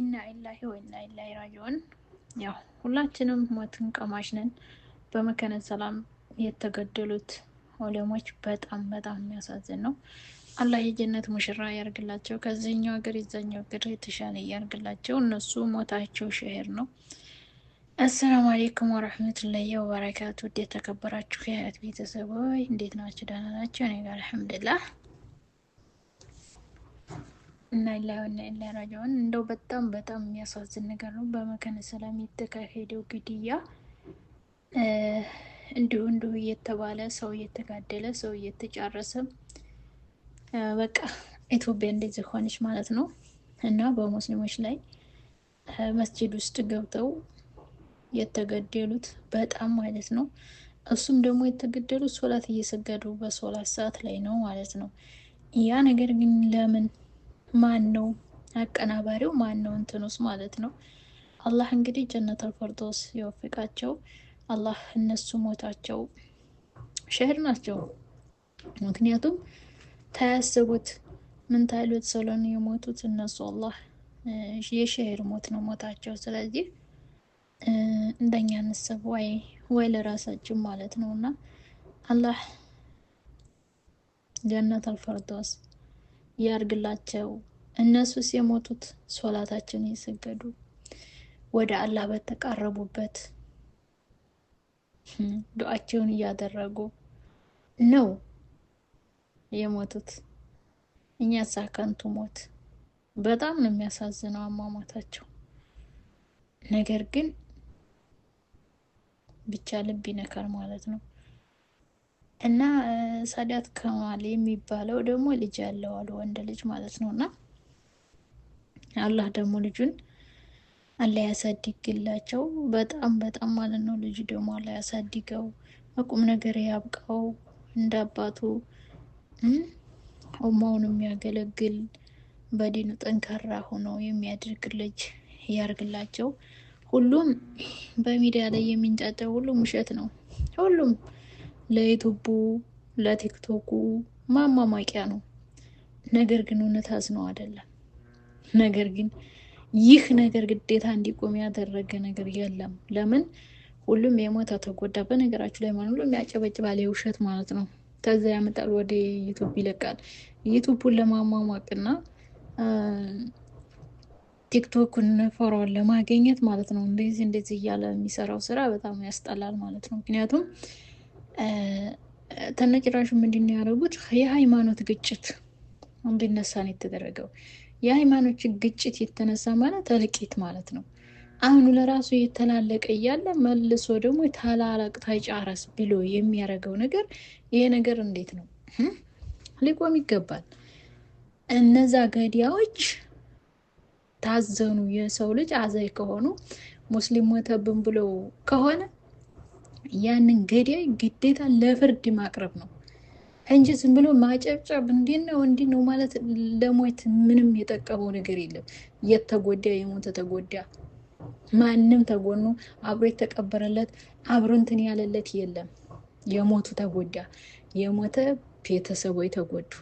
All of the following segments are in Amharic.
ኢና ኢላሂ ወኢና ኢላሂ ራጂዑን። ያው ሁላችንም ሞትን ቀማሽ ነን። በመከነ ሰላም የተገደሉት ዑለሞች በጣም በጣም የሚያሳዝን ነው። አላህ የጀነት ሙሽራ ያርግላቸው። ከዚህኛው ሀገር የዛኛው ሀገር የተሻለ ያርግላቸው። እነሱ ሞታቸው ሸሄር ነው። አሰላሙ አሌይኩም ወረህመቱላሂ ወበረካቱ። የተከበራችሁ የሀያት ቤተሰቦች እንዴት ናችሁ? ደህና ናቸው። እኔ ጋር አልሐምዱሊላህ እና ላይሆነ እንደው በጣም በጣም የሚያሳዝን ነገር ነው። በመካነ ሰላም የተካሄደው ግድያ እንዲሁ እንዲሁ እየተባለ ሰው እየተጋደለ ሰው እየተጫረሰ በቃ ኢትዮጵያ እንደዚህ ሆነች ማለት ነው እና በሙስሊሞች ላይ መስጂድ ውስጥ ገብተው የተገደሉት በጣም ማለት ነው። እሱም ደግሞ የተገደሉት ሶላት እየሰገዱ በሶላት ሰዓት ላይ ነው ማለት ነው። ያ ነገር ግን ለምን ማን ነው አቀናባሪው? ማን ነው እንትኑስ ማለት ነው። አላህ እንግዲህ ጀነት ፈርዶስ የወፍቃቸው። አላህ እነሱ ሞታቸው ሸህድ ናቸው። ምክንያቱም ታያስቡት ምን ታይሉት ስለሆነ የሞቱት እነሱ አላህ የሸሄድ ሞት ነው ሞታቸው። ስለዚህ እንደኛ ንስብ ወይ ወይ ለራሳችን ማለት ነው እና አላህ ጀነት ፈርዶስ ያርግላቸው። እነሱስ የሞቱት ሶላታችን የሰገዱ ወደ አላህ በተቃረቡበት ዱዓቸውን እያደረጉ ነው የሞቱት። እኛ ሳከንቱ ሞት በጣም ነው የሚያሳዝነው አሟሟታቸው። ነገር ግን ብቻ ልብ ይነካል ማለት ነው። እና ሳዳት ከማል የሚባለው ደግሞ ልጅ ያለው አሉ ወንድ ልጅ ማለት ነው። እና አላህ ደግሞ ልጁን አላህ ያሳድግላቸው በጣም በጣም ማለት ነው። ልጁ ደግሞ አላህ ያሳድገው በቁም ነገር ያብቃው እንደ አባቱ ኡማውን የሚያገለግል በዲኑ ጠንካራ ሆኖ የሚያደርግ ልጅ ያርግላቸው። ሁሉም በሚዲያ ላይ የሚንጫጨው ሁሉም ውሸት ነው ሁሉም ለዩቱቡ ለቲክቶኩ ማማማቂያ ነው። ነገር ግን እውነት አዝነው አይደለም። ነገር ግን ይህ ነገር ግዴታ እንዲቆም ያደረገ ነገር የለም። ለምን ሁሉም የሞታ ተጎዳ። በነገራችሁ ላይ ማለት ሁሉም ያጨበጭባል፣ የውሸት ማለት ነው። ከዛ ያመጣል ወደ ዩቱብ ይለቃል። ዩቱቡን ለማሟሟቅና ቲክቶክን ፎሮን ለማገኘት ማለት ነው። እንደዚህ እንደዚህ እያለ የሚሰራው ስራ በጣም ያስጠላል ማለት ነው ምክንያቱም ተነጭራሹ ምንድን ያደረጉት የሃይማኖት ግጭት እንዲነሳ ነው የተደረገው። የሃይማኖት ግጭት የተነሳ ማለት እልቂት ማለት ነው። አሁኑ ለራሱ እየተላለቀ እያለ መልሶ ደግሞ ታላላቅ ታይጫረስ ብሎ የሚያደርገው ነገር ይሄ ነገር እንዴት ነው ሊቆም ይገባል። እነዛ ገዲያዎች ታዘኑ። የሰው ልጅ አዛይ ከሆኑ ሙስሊም ሞተብን ብለው ከሆነ ያንን ገዳይ ግዴታ ለፍርድ ማቅረብ ነው እንጂ ዝም ብሎ ማጨብጨብ እንዲህ ነው እንዲህ ነው ማለት ለሞት ምንም የጠቀመው ነገር የለም። የተጎዳ የሞተ ተጎዳ፣ ማንም ተጎኑ አብሮ የተቀበረለት አብሮ እንትን ያለለት የለም። የሞቱ ተጎዳ፣ የሞተ ቤተሰቦች ተጎዱ።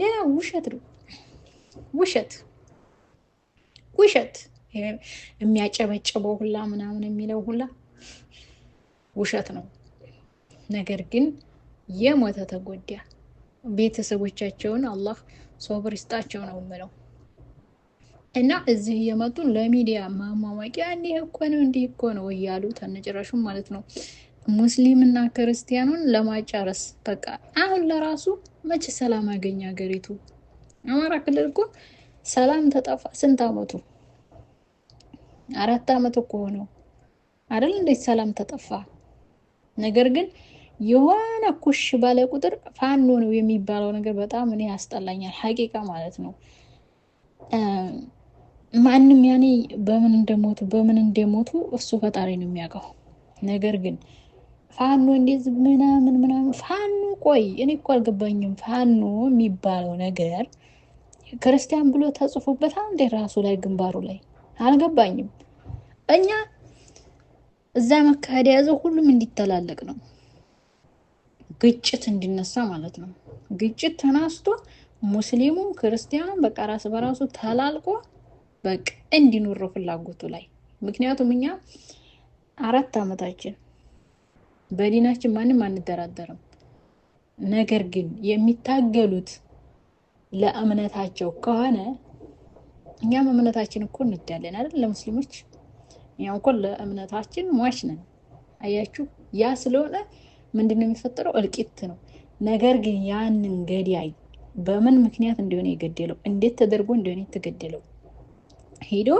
ሌላ ውሸት ነው ውሸት ውሸት የሚያጨበጭበው ሁላ ምናምን የሚለው ሁላ ውሸት ነው። ነገር ግን የሞተ ተጎዳ ቤተሰቦቻቸውን አላህ ሶብር ይስጣቸው ነው የምለው። እና እዚህ እየመጡ ለሚዲያ ማሟሟቂያ እንዲህ እኮ ነው እንዲህ እኮ ነው እያሉ ተነጭራሹም ማለት ነው ሙስሊምና ክርስቲያኑን ለማጫረስ በቃ አሁን ለራሱ መቼ ሰላም አገኘ ሀገሪቱ? አማራ ክልል እኮ ሰላም ተጠፋ። ስንት አመቱ? አራት አመት እኮ ሆነው አይደል? እንዴት ሰላም ተጠፋ? ነገር ግን የሆነ ኩሽ ባለ ቁጥር ፋኖ ነው የሚባለው ነገር በጣም እኔ ያስጠላኛል። ሀቂቃ ማለት ነው። ማንም ያኔ በምን እንደሞቱ በምን እንደሞቱ እሱ ፈጣሪ ነው የሚያውቀው። ነገር ግን ፋኖ እንዴት ምናምን ምናምን ፋኖ ቆይ እኔ እኮ አልገባኝም። ፋኖ የሚባለው ነገር ክርስቲያን ብሎ ተጽፎበታል እንዴ ራሱ ላይ ግንባሩ ላይ አልገባኝም እኛ እዛ መካሄድ የያዘው ሁሉም እንዲተላለቅ ነው። ግጭት እንዲነሳ ማለት ነው። ግጭት ተናስቶ ሙስሊሙም ክርስቲያኑም በቃ ራስ በራሱ ተላልቆ በቃ እንዲኖረው ፍላጎቱ ላይ ምክንያቱም እኛ አራት ዓመታችን በዲናችን ማንም አንደራደርም። ነገር ግን የሚታገሉት ለእምነታቸው ከሆነ እኛም እምነታችን እኮ እንዳለን አይደል ለሙስሊሞች ያው እንኳን ለእምነታችን ሟች ነን። አያችሁ፣ ያ ስለሆነ ምንድን ነው የሚፈጠረው? እልቂት ነው። ነገር ግን ያንን ገዳይ በምን ምክንያት እንደሆነ የገደለው እንዴት ተደርጎ እንደሆነ የተገደለው ሄዶ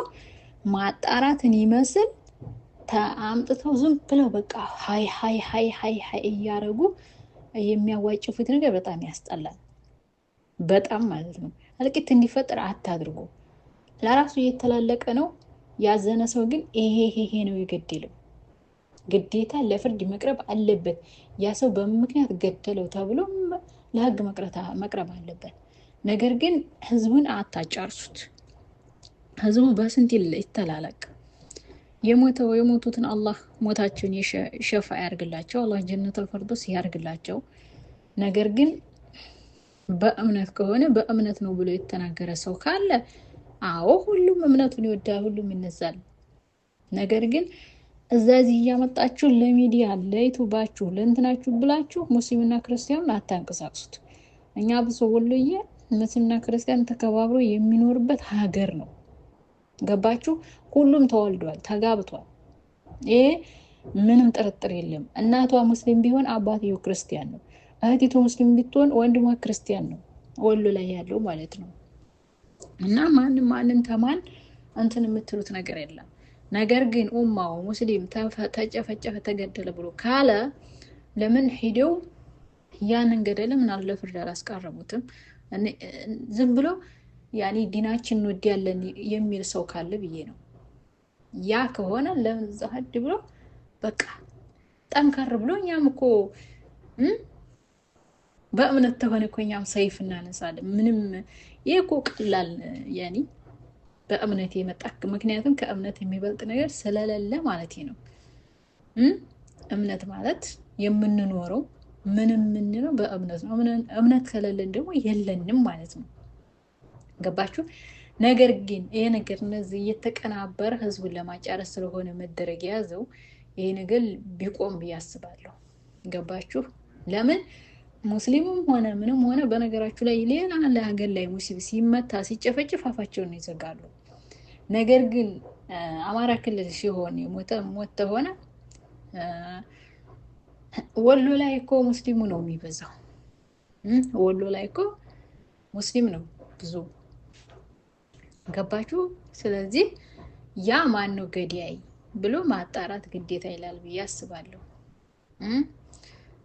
ማጣራትን ይመስል ተአምጥተው ዝም ብለው በቃ ሀይ ሀይ ሀይ ሀይ ሀይ እያደረጉ የሚያዋጭፉት ነገር በጣም ያስጠላል። በጣም ማለት ነው። እልቂት እንዲፈጠር አታድርጉ። ለራሱ እየተላለቀ ነው። ያዘነ ሰው ግን ይሄ ይሄ ነው የገደለው ግዴታ ለፍርድ መቅረብ አለበት። ያ ሰው በምክንያት ገደለው ተብሎ ለህግ መቅረብ አለበት። ነገር ግን ህዝቡን አታጫርሱት። ህዝቡ በስንት ይተላለቅ። የሞተው የሞቱትን አላህ ሞታቸውን የሸፋ ያርግላቸው። አላህ ጀነት ፈርዶስ ያርግላቸው። ነገር ግን በእምነት ከሆነ በእምነት ነው ብሎ የተናገረ ሰው ካለ አዎ ሁሉም እምነቱን ይወዳል፣ ሁሉም ይነሳል። ነገር ግን እዛ እዚህ እያመጣችሁ ለሚዲያ ለይቱባችሁ ለእንትናችሁ ብላችሁ ሙስሊምና ክርስቲያኑን አታንቀሳቅሱት። እኛ ብሶ ወሎዬ ሙስሊምና ክርስቲያን ተከባብሮ የሚኖርበት ሀገር ነው። ገባችሁ? ሁሉም ተወልዷል፣ ተጋብቷል። ይሄ ምንም ጥርጥር የለም። እናቷ ሙስሊም ቢሆን አባትየው ክርስቲያን ነው። እህቲቱ ሙስሊም ብትሆን ወንድሟ ክርስቲያን ነው። ወሎ ላይ ያለው ማለት ነው። እና ማን ማንን ተማን እንትን የምትሉት ነገር የለም። ነገር ግን ኡማው ሙስሊም ተጨፈጨፈ፣ ተገደለ ብሎ ካለ ለምን ሂደው ያንን ገደለ ምን አለ ፍርድ አላስቀረቡትም? ዝም ብሎ ያኔ ዲናችን ያለን የሚል ሰው ካለ ብዬ ነው። ያ ከሆነ ለምን ዘሀድ ብሎ በቃ ጠንከር ብሎ እኛም እኮ በእምነት ተሆነ እኮ እኛም ሰይፍ እናነሳለን። ምንም ይህ እኮ ቀላል የኔ በእምነት የመጣክ ምክንያቱም ከእምነት የሚበልጥ ነገር ስለሌለ ማለት ነው። እምነት ማለት የምንኖረው ምን የምንለው በእምነት ነው። እምነት ከሌለን ደግሞ የለንም ማለት ነው። ገባችሁ? ነገር ግን ይሄ ነገር እነዚህ እየተቀናበረ ህዝቡን ለማጫረስ ስለሆነ መደረግ የያዘው ይሄ ነገር ቢቆም ብዬ አስባለሁ። ገባችሁ? ለምን ሙስሊምም ሆነ ምንም ሆነ በነገራችሁ ላይ ሌላ ለሀገር ላይ ሙስሊም ሲመታ ሲጨፈጭፍ አፋቸውን ይዘጋሉ። ነገር ግን አማራ ክልል ሲሆን የሞተ ሞት ወሎ ላይ እኮ ሙስሊሙ ነው የሚበዛው። ወሎ ላይ እኮ ሙስሊም ነው ብዙ ገባችሁ። ስለዚህ ያ ነው ገዳይ ብሎ ማጣራት ግዴታ ይላል ብዬ አስባለሁ።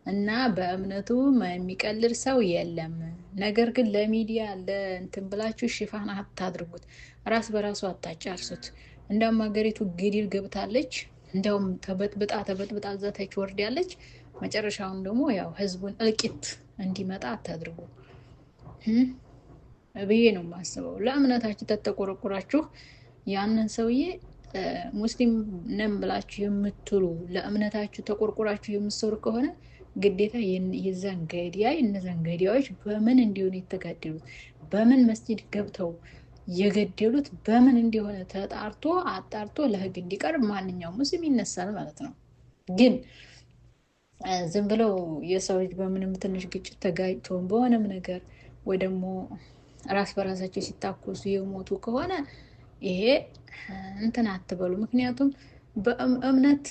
እና በእምነቱ የሚቀልድ ሰው የለም። ነገር ግን ለሚዲያ ለእንትን ብላችሁ ሽፋን አታድርጉት። ራስ በራሱ አታጫርሱት። እንደውም ሀገሪቱ ግዲል ገብታለች። እንደውም ተበጥብጣ ተበጥብጣ ዘተች ወርድ ወርዳለች። መጨረሻውን ደግሞ ያው ህዝቡን እልቂት እንዲመጣ አታድርጉ ብዬ ነው የማስበው። ለእምነታችሁ ተተቆረቁራችሁ ያንን ሰውዬ ሙስሊም ነን ብላችሁ የምትሉ ለእምነታችሁ ተቆርቁራችሁ የምትሰሩ ከሆነ ግዴታ የዛን ገዲያ እነዛን ገዲያዎች በምን እንዲሆን የተጋደሉት በምን መስጂድ ገብተው የገደሉት በምን እንደሆነ ተጣርቶ አጣርቶ ለህግ እንዲቀርብ ማንኛውም ሙስሊም ይነሳል ማለት ነው። ግን ዝም ብለው የሰው ልጅ በምንም ትንሽ ግጭት ተጋጭተውን በሆነም ነገር ወይ ደግሞ ራስ በራሳቸው ሲታኮሱ የሞቱ ከሆነ ይሄ እንትን አትበሉ። ምክንያቱም በእምነት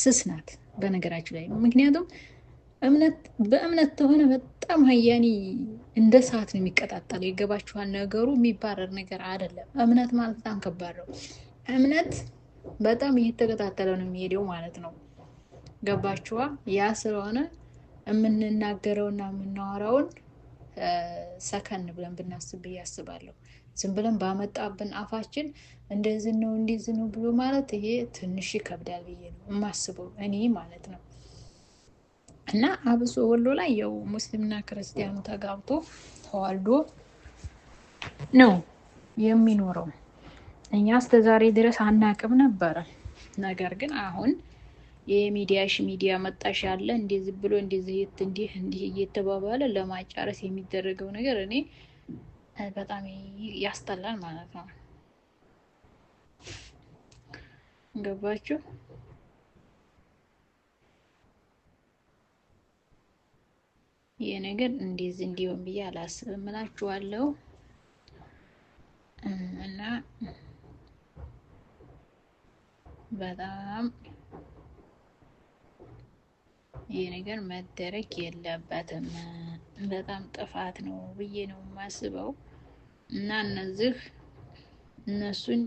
ስስ ናት። በነገራችሁ ላይ ነው። ምክንያቱም በእምነት ተሆነ በጣም ሀያኒ እንደ ሰዓት ነው የሚቀጣጠለው። የገባችኋል? ነገሩ የሚባረር ነገር አይደለም። እምነት ማለት በጣም ከባድ ነው። እምነት በጣም እየተቀጣጠለ ነው የሚሄደው ማለት ነው። ገባችኋ? ያ ስለሆነ የምንናገረውና የምናወራውን ሰከን ብለን ብናስብ ብዬ አስባለሁ። ዝም ብለን ባመጣብን አፋችን እንደዚህ ነው እንደዚህ ነው ብሎ ማለት ይሄ ትንሽ ይከብዳል ብዬ ነው የማስበው እኔ ማለት ነው። እና አብሶ ወሎ ላይ ያው ሙስሊምና ክርስቲያኑ ተጋብቶ ተዋልዶ ነው የሚኖረው። እኛ እስከ ድረስ አናቅም ነበረ። ነገር ግን አሁን የሚዲያሽ ሚዲያ መጣሽ ያለ እንደዚህ ብሎ እንደዚህ እንዲህ እንዲህ እየተባባለ ለማጫረስ የሚደረገው ነገር እኔ በጣም ያስጠላል ማለት ነው። ገባችሁ? ይህ ነገር እንደዚህ እንዲሆን ብዬ አላስብም እላችኋለሁ እና በጣም ይሄ ነገር መደረግ የለበትም። በጣም ጥፋት ነው ብዬ ነው የማስበው እና እነዚህ እነሱን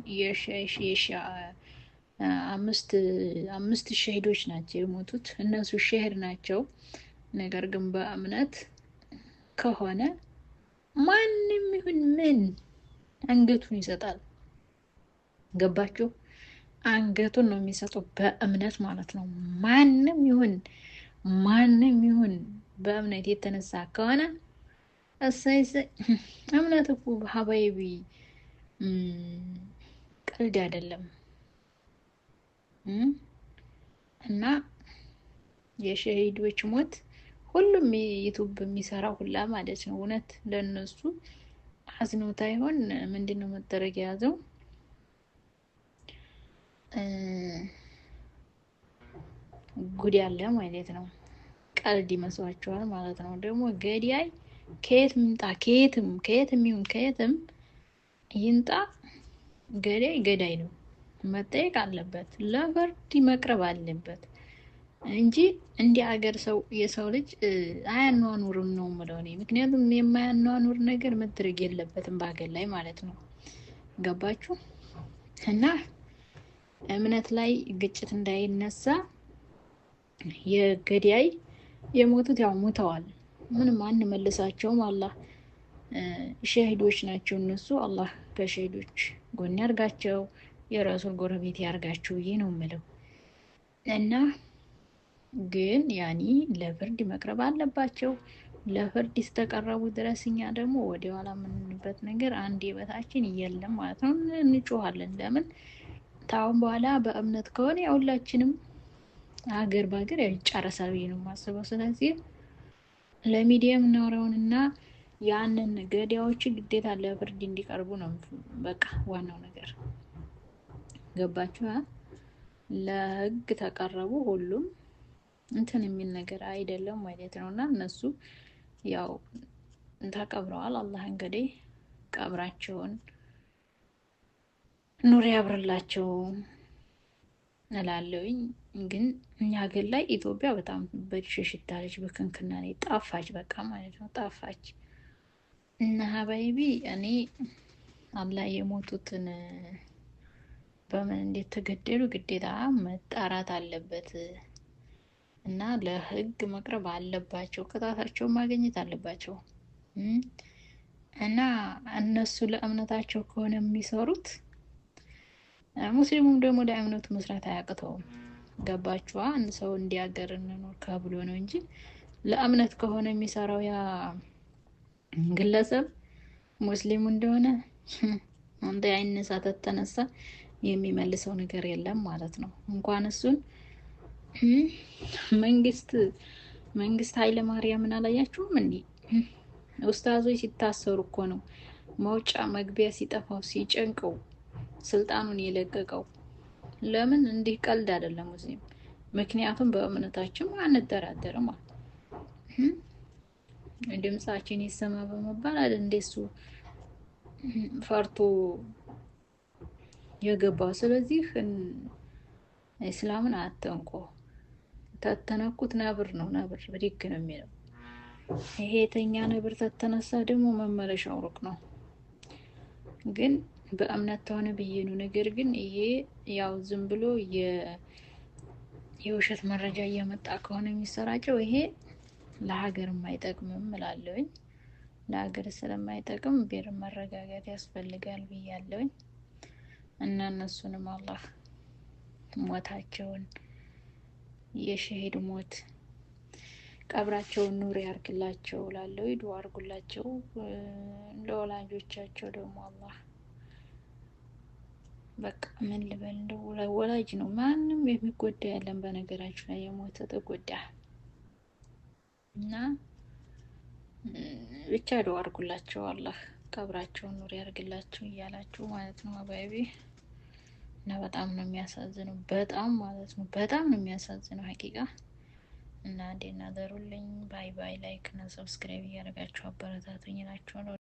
አምስት ሸሂዶች ናቸው የሞቱት። እነሱ ሸሄድ ናቸው። ነገር ግን በእምነት ከሆነ ማንም ይሁን ምን አንገቱን ይሰጣል። ገባችሁ? አንገቱን ነው የሚሰጡ በእምነት ማለት ነው። ማንም ይሁን ማንም ይሁን በእምነት የተነሳ ከሆነ እሰይስ እምነት እኮ ሀባይቢ ቀልድ አይደለም። እና የሸሂዶች ሞት ሁሉም ዩቱብ የሚሰራ ሁላ ማለት ነው። እውነት ለእነሱ አዝኖታ ይሆን ምንድን ነው መደረግ የያዘው? ጉድ ያለ ማለት ነው። ቀልድ ይመስሏቸዋል ማለት ነው። ደግሞ ገዳይ ከየት ምጣ ከየትም ከየትም ይሁን ከየትም ይንጣ ገዳይ ገዳይ ነው፣ መጠየቅ አለበት፣ ለፍርድ መቅረብ አለበት እንጂ እንዲህ አገር ሰው የሰው ልጅ አያኗኑርም ነው የምለው እኔ። ምክንያቱም የማያኗኑር ነገር መድረግ የለበትም በሀገር ላይ ማለት ነው። ገባችሁ? እና እምነት ላይ ግጭት እንዳይነሳ የገዳይ የሞቱት ያው ሙተዋል። ምንም አንመልሳቸውም። አላህ ሸሂዶች ናቸው እነሱ። አላህ ከሸሂዶች ጎን ያርጋቸው፣ የረሱል ጎረቤት ያርጋቸው ብዬ ነው የምለው። እና ግን ያኒ ለፍርድ መቅረብ አለባቸው። ለፍርድ ስተቀረቡ ድረስ እኛ ደግሞ ወደኋላ የምንልበት ነገር አንድ የበታችን የለም ማለት ነው። እንጮኋለን። ለምን ታሁን በኋላ በእምነት ከሆነ ያሁላችንም ሀገር በሀገር ያው ይጨረሳል ብዬ ነው የማስበው። ስለዚህ ለሚዲያ የምናወራውን እና ያንን ገዳዮች ግዴታ ለፍርድ እንዲቀርቡ ነው በቃ ዋናው ነገር ገባችሁ። ለህግ ተቀረቡ ሁሉም እንትን የሚል ነገር አይደለም ማለት ነው። እና እነሱ ያው ተቀብረዋል። አላህ እንግዲህ ቀብራቸውን ኑር ያብርላቸው። እላለሁኝ። ግን እኛ ሀገር ላይ ኢትዮጵያ በጣም በሽሽታለች በክንክና ላይ ጣፋች፣ በቃ ማለት ነው ጣፋች እና ሀባይቢ እኔ አላህ የሞቱትን በምን እንዴት ተገደሉ ግዴታ መጣራት አለበት እና ለህግ መቅረብ አለባቸው። ቅጣታቸውን ማግኘት አለባቸው። እና እነሱ ለእምነታቸው ከሆነ የሚሰሩት ሙስሊሙም ደግሞ ለእምነቱ መስራት አያቅተውም። ገባችኋ? አንድ ሰው እንዲያገር እንኖር ከብሎ ነው እንጂ ለእምነት ከሆነ የሚሰራው ያ ግለሰብ ሙስሊሙ እንደሆነ አንተ ያይነሳት ተነሳ የሚመልሰው ነገር የለም ማለት ነው። እንኳን እሱን መንግስት መንግስት ኃይለ ማርያምን አላያችሁም? እንዲ ኡስታዞች ሲታሰሩ እኮ ነው መውጫ መግቢያ ሲጠፋው ሲጨንቀው ስልጣኑን የለቀቀው። ለምን እንዲህ ቀልድ አይደለም ሙስሊም፣ ምክንያቱም በእምነታችን አንደራደርም። ድምጻችን ይሰማ በመባል አይደል እንደሱ ፈርቶ የገባው። ስለዚህ እስላምን አትንቆ ተተነኩት ነብር ነው ነብር ብድግ ነው የሚለው ይሄ የተኛ ነብር ተተነሳ ደግሞ መመለሻው ሩቅ ነው ግን በእምነት ተሆነ ብዬ ነው። ነገር ግን ይሄ ያው ዝም ብሎ የውሸት መረጃ እያመጣ ከሆነ የሚሰራጨው ይሄ ለሀገር አይጠቅምም እላለሁኝ። ለሀገር ስለማይጠቅም ቤር መረጋጋት ያስፈልጋል ብያለሁኝ እና እነሱንም አላህ ሞታቸውን የሸሄድ ሞት ቀብራቸውን ኑር ያርግላቸው እላለሁ። ዱዓ አርጉላቸው ለወላጆቻቸው ደግሞ አላህ በቃ ምን ልበል እንደው ወላጅ ነው። ማንም የሚጎዳ ያለን በነገራችሁ ላይ የሞተ ተጎዳ እና ብቻ ዱአ አድርጉላቸው። አላህ ቀብራቸውን ኑር ያርግላቸው እያላችሁ ማለት ነው አባይቢ እና በጣም ነው የሚያሳዝነው። በጣም ማለት ነው በጣም ነው የሚያሳዝነው ሀቂቃ እና እንዴት ናደሩልኝ። ባይ ባይ። ላይክ እና ሰብስክራይብ እያደረጋችሁ አበረታቱኝ ናቸው ነው